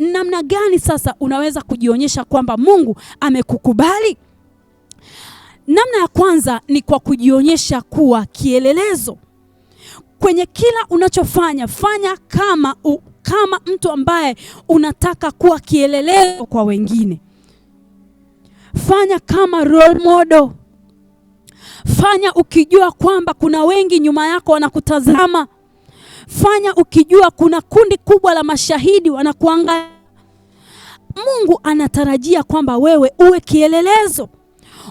namna gani sasa unaweza kujionyesha kwamba Mungu amekukubali? Namna ya kwanza ni kwa kujionyesha kuwa kielelezo kwenye kila unachofanya. Fanya kama, u, kama mtu ambaye unataka kuwa kielelezo kwa wengine. Fanya kama role model. Fanya ukijua kwamba kuna wengi nyuma yako wanakutazama. Fanya ukijua kuna kundi kubwa la mashahidi wanakuangalia. Mungu anatarajia kwamba wewe uwe kielelezo.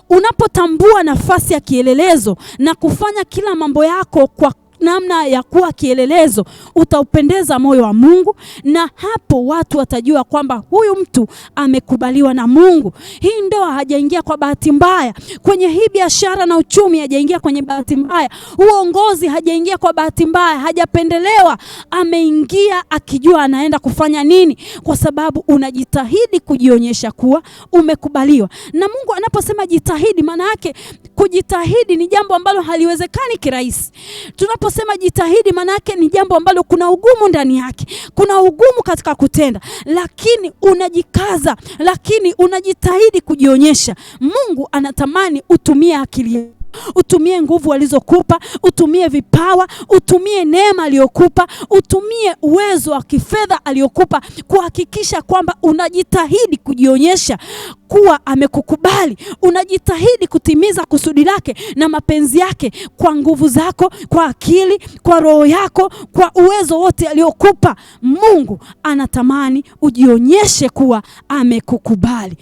Unapotambua nafasi ya kielelezo na kufanya kila mambo yako kwa namna ya kuwa kielelezo utaupendeza moyo wa Mungu, na hapo watu watajua kwamba huyu mtu amekubaliwa na Mungu. Hii ndoa hajaingia kwa bahati mbaya, kwenye hii biashara na uchumi hajaingia kwenye bahati mbaya, uongozi hajaingia kwa bahati mbaya, hajapendelewa. Ameingia akijua anaenda kufanya nini, kwa sababu unajitahidi kujionyesha kuwa umekubaliwa na Mungu. Anaposema jitahidi, maana yake kujitahidi ni jambo ambalo haliwezekani kirahisi. Tunaposema jitahidi, maana yake ni jambo ambalo kuna ugumu ndani yake, kuna ugumu katika kutenda, lakini unajikaza, lakini unajitahidi kujionyesha. Mungu anatamani utumie akili utumie nguvu alizokupa, utumie vipawa, utumie neema aliyokupa, utumie uwezo wa kifedha aliyokupa kuhakikisha kwamba unajitahidi kujionyesha kuwa amekukubali, unajitahidi kutimiza kusudi lake na mapenzi yake kwa nguvu zako, kwa akili, kwa roho yako, kwa uwezo wote aliyokupa. Mungu anatamani ujionyeshe kuwa amekukubali.